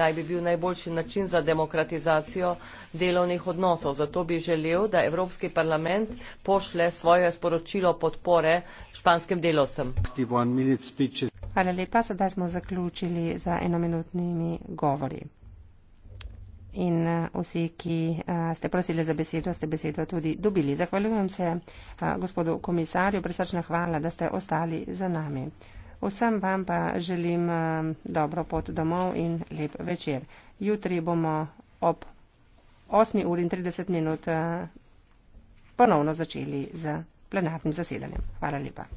naj bi bil najboljši način za demokratizacijo delovnih odnosov. Zato bi želel, da Evropski parlament pošle svoje sporočilo podpore španskim delovcem. Hvala lepa, sedaj smo zaključili z enominutnimi govori. In eh, vsi, ki eh, ste prosili za besedo, ste besedo tudi dobili. Zahvaljujem se eh, gospodu komisarju, presrčna hvala, da ste ostali za nami. Vsem vam pa želim eh, dobro pot domov in lep večer. Jutri bomo ob 8.30 minut eh, ponovno začeli z plenarnim zasedanjem. Hvala lepa.